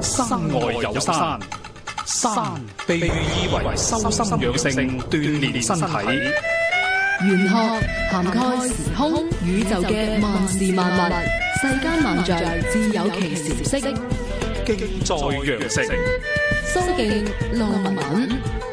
外山身外有山，山被以為修心養性、鍛煉身體。玄學涵蓋時空，時空宇宙嘅萬事萬物，世間萬,萬,萬象自有其禪息，敬在羊城。蘇敬浪文。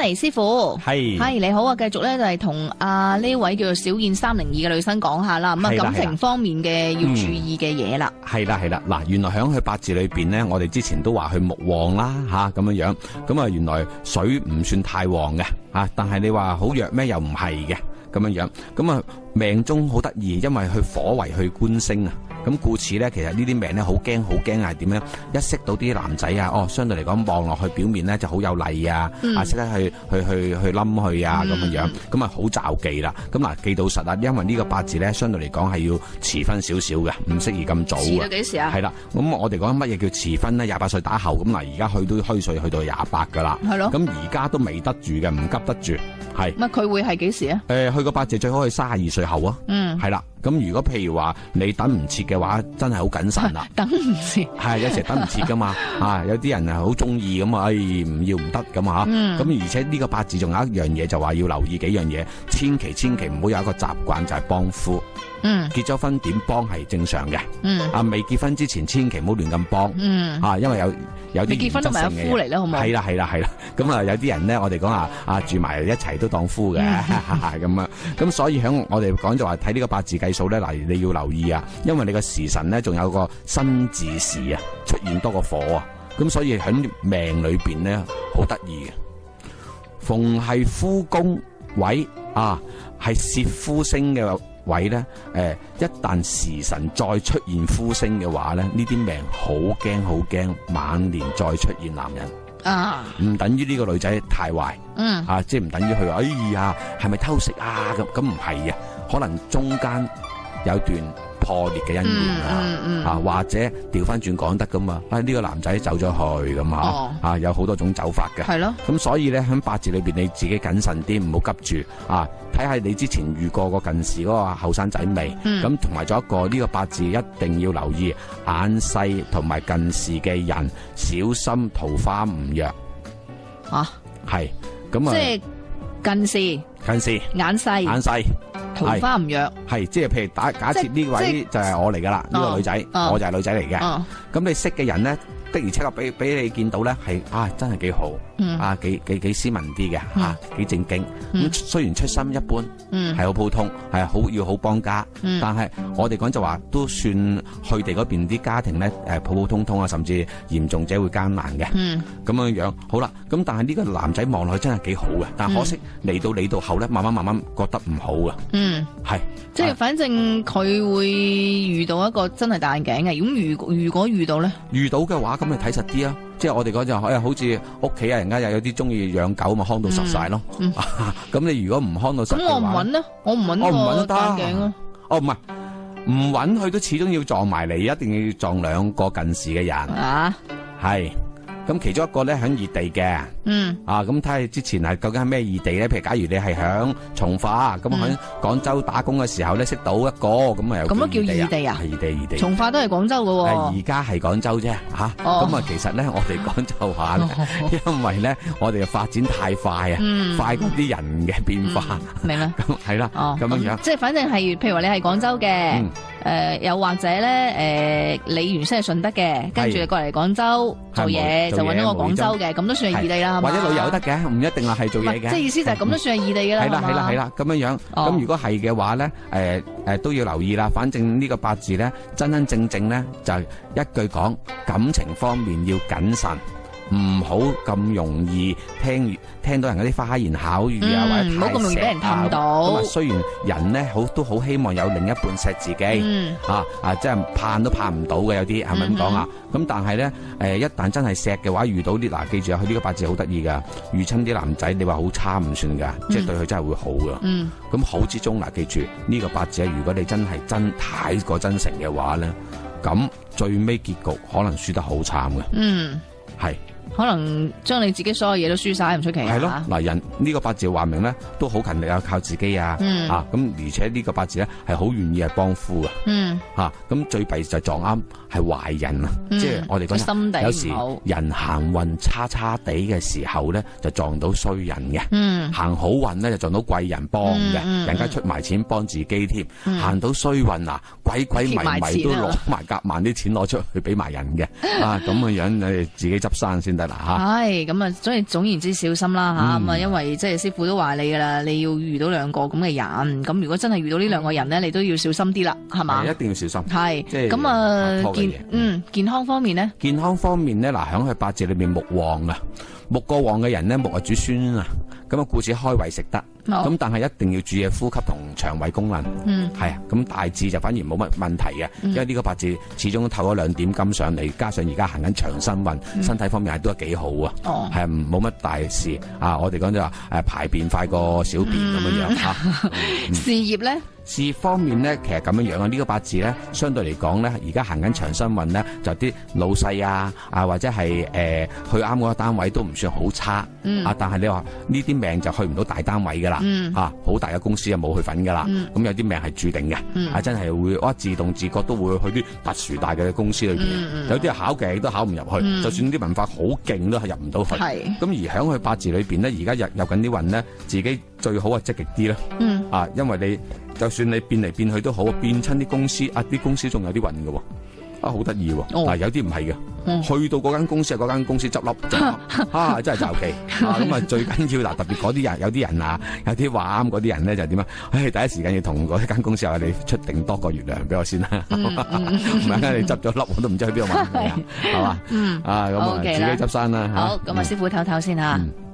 黎師傅係，係你好啊！繼續咧就係同阿呢位叫做小燕三零二嘅女生講下啦。咁啊感情方面嘅要注意嘅嘢啦，係啦係啦。嗱，原來喺佢八字裏邊咧，我哋之前都話佢木旺啦吓咁樣樣。咁啊原來水唔算太旺嘅吓，但係你話好弱咩又唔係嘅咁樣樣。咁啊命中好得意，因為佢火為佢官星啊。咁故此咧，其實呢啲名咧好驚，好驚啊！點樣？一識到啲男仔啊，哦，相對嚟講望落去表面咧就好有禮啊，嗯、啊，識得去去去去冧佢，去啊咁、嗯、樣咁啊好罩忌啦。咁嗱記到實啦，因為呢個八字咧相對嚟講係要遲婚少少嘅，唔適宜咁早。遲到幾時啊？係啦，咁我哋講乜嘢叫遲婚咧？廿八歲打後咁嗱，而家去到虛歲去到廿八噶啦，係咯。咁而家都未得住嘅，唔急得住，係，佢會係幾時啊？誒、呃，去個八字最好係三十二歲後啊。嗯。係啦。咁如果譬如話你等唔切嘅話，真係好謹慎啦、啊。等唔切係有時等唔切噶嘛，啊有啲人係好中意咁啊，嘛哎唔要唔得咁啊吓。咁、嗯、而且呢個八字仲有一樣嘢，就話要留意幾樣嘢，千祈千祈唔好有一個習慣就係幫夫。嗯，結咗婚點幫係正常嘅。嗯，啊未結婚之前千祈唔好亂咁幫。嗯，啊因為有。有啲結婚都係夫嚟啦，好冇？係啦，係啦，係啦。咁啊，有啲人咧，我哋講話啊，啊住埋一齊都當夫嘅咁啊。咁 所以喺我哋講就話睇呢個八字計數咧，嗱你要留意啊，因為你個時辰咧仲有個辛字時啊，出現多個火啊，咁所以喺命裏邊咧好得意嘅。逢係夫宮位啊，係涉夫星嘅。位咧，誒、呃，一旦時辰再出現呼聲嘅話咧，呢啲命好驚好驚，晚年再出現男人啊，唔、uh-huh. 等於呢個女仔太壞，嗯、uh-huh.，啊，即係唔等於佢話，哎呀，係咪偷食啊？咁咁唔係啊，可能中間有段，破裂嘅姻緣啊，吓、嗯嗯嗯啊、或者調翻轉講得㗎嘛，呢、呢個男仔走咗去咁嗬，吓、啊哦啊、有好多種走法嘅，係咯。咁所以咧喺八字裏邊你自己謹慎啲，唔好急住啊，睇下你之前遇過嗰個近視嗰個後生仔未？咁同埋咗一個呢、呢個八字一定要留意，眼細同埋近視嘅人小心桃花唔弱，吓係咁啊。即係、呃、近視。近視，眼細，眼細，桃花唔弱，係即係譬如打假設呢位就係我嚟噶啦，呢、這個女仔，啊、我就係女仔嚟嘅，咁、啊、你識嘅人咧？的而且確，俾俾你見到咧，係啊，真係幾好、嗯，啊，幾幾幾斯文啲嘅嚇，幾、嗯啊、正經。咁、嗯、雖然出身一般，係好普通，係、嗯、好要好幫家，嗯、但係我哋講就話都算佢哋嗰邊啲家庭咧，普普通通啊，甚至嚴重者會艱難嘅。咁、嗯、樣樣好啦，咁但係呢個男仔望落去真係幾好嘅，但可惜嚟、嗯、到你到後咧，慢慢慢慢覺得唔好啊。嗯，係。即係反正佢會遇到一個真係戴眼鏡嘅。咁如如果遇到咧，遇到嘅話。咁你睇實啲啊！即係我哋嗰陣，誒、哎，好似屋企啊，人家又有啲中意養狗嘛，康到實晒咯。咁、嗯嗯、 你如果唔康到實，咁我唔揾啦，我唔揾個眼鏡咯。哦，唔係，唔揾佢都始終要撞埋嚟，一定要撞兩個近視嘅人啊，係。咁其中一個咧，喺異地嘅，嗯，啊，咁睇下之前係究竟係咩異地咧？譬如假如你係喺從化，咁、嗯、喺廣州打工嘅時候咧識到一個，咁啊，咁都叫異地啊？係異地，異地。從化都係廣州㗎喎、哦。而家係廣州啫，咁、哦、啊，其實咧，我哋廣州話呢， 因為咧，我哋嘅發展太快啊，快、嗯、啲人嘅變化。嗯、明白。咁係啦。哦。咁樣樣，即係反正係，譬如話你係廣州嘅。嗯誒、呃，又或者咧，誒、呃，你原先係順德嘅，跟住過嚟廣州做嘢，就搵咗個廣州嘅，咁都算係異地啦。或者旅遊得嘅，唔一定話，係做嘢嘅。即係意思就係咁都算係異地啦。係啦係啦係啦，咁樣樣。咁如果係嘅話咧，誒、oh. 誒、呃、都要留意啦。反正呢個八字咧，真真正正咧就係一句講，感情方面要謹慎。唔好咁容易聽聽到人嗰啲花言巧語啊、嗯，或者唔好咁容易畀人氹到。雖然人咧好都好希望有另一半錫自己，嚇、嗯、啊，即係盼都盼唔到嘅有啲，係咪咁講啊？咁、嗯嗯嗯、但係咧一旦真係錫嘅話，遇到啲嗱，記住啊，佢、這、呢個八字好得意噶，遇親啲男仔，你話好差唔算㗎，即、嗯、係、就是、對佢真係會好嘅。咁、嗯嗯、好之中嗱，記住呢、這個八字啊，如果你真係真太過真誠嘅話咧，咁最尾結局可能輸得好慘嘅。嗯，係。可能將你自己所有嘢都輸晒唔出奇，係咯。嗱人呢、呢個八字話明咧都好勤力啊，靠自己啊、嗯、啊咁而且呢個八字咧係好願意係幫夫啊，嗯吓咁最弊就撞啱係壞人啊，即係我哋講心底有時人行運差差地嘅時候咧就撞到衰人嘅。嗯，行好運咧就撞到貴人幫嘅、嗯嗯、人家出埋錢幫自己添、嗯、行到衰運、嗯、啊鬼鬼迷迷、啊、都攞埋夾萬啲錢攞出去俾埋人嘅 啊咁嘅樣你自己執生先。係咁啊，所以總而言之，小心啦吓。咁啊，因為即係師傅都話你㗎啦，你要遇到兩個咁嘅人。咁如果真係遇到呢兩個人咧，你都要小心啲啦，係嘛？一定要小心。係，咁啊健，嗯，健康方面咧？健康方面咧，嗱響佢八字裏面，木旺啊，木過旺嘅人咧，木係主酸啊，咁啊故此開胃食得。咁、哦、但係一定要注意呼吸同腸胃功能，係、嗯、啊，咁大致就反而冇乜問題嘅、嗯，因為呢個八字始終透咗兩點金上嚟，加上而家行緊長身運、嗯，身體方面係都係幾好啊，哦，係冇乜大事啊。我哋講就話誒排便快過小便咁、嗯、樣樣吓、啊嗯、 事業咧？事業方面咧，其實咁樣樣啊，呢、這個八字咧相對嚟講咧，而家行緊長身運咧，就啲老細啊啊或者係誒、啊、去啱個單位都唔算好差，嗯、啊但係你話呢啲命就去唔到大單位嘅。啦、嗯、吓，好、啊、大嘅公司又冇去份噶啦。咁、嗯、有啲命係注定嘅，係、嗯啊、真係會哇自動自覺都會去啲特殊大嘅公司裏邊、嗯。有啲考嘅都考唔入去、嗯，就算啲文化好勁都係入唔到去。咁而喺去八字裏邊咧，而家入入緊啲運咧，自己最好係積極啲啦。啊，因為你就算你變嚟變去都好，變親啲公司，啊啲公司仲有啲運噶，啊好得意。嗱、哦啊，有啲唔係嘅。去到嗰間公司啊，嗰間公司執笠就，啊，真係就期。咁啊，最緊要嗱，特別嗰啲人，有啲人啊，有啲話啱嗰啲人咧，就點啊？唉、哎，第一時間要同嗰一間公司話你出定多個月糧俾我先啦，唔係你執咗笠我都唔知去邊度買，係嘛？啊，咁、嗯、啊、嗯、啊自己執生啦，好，咁啊師傅唞唞先吓。嗯嗯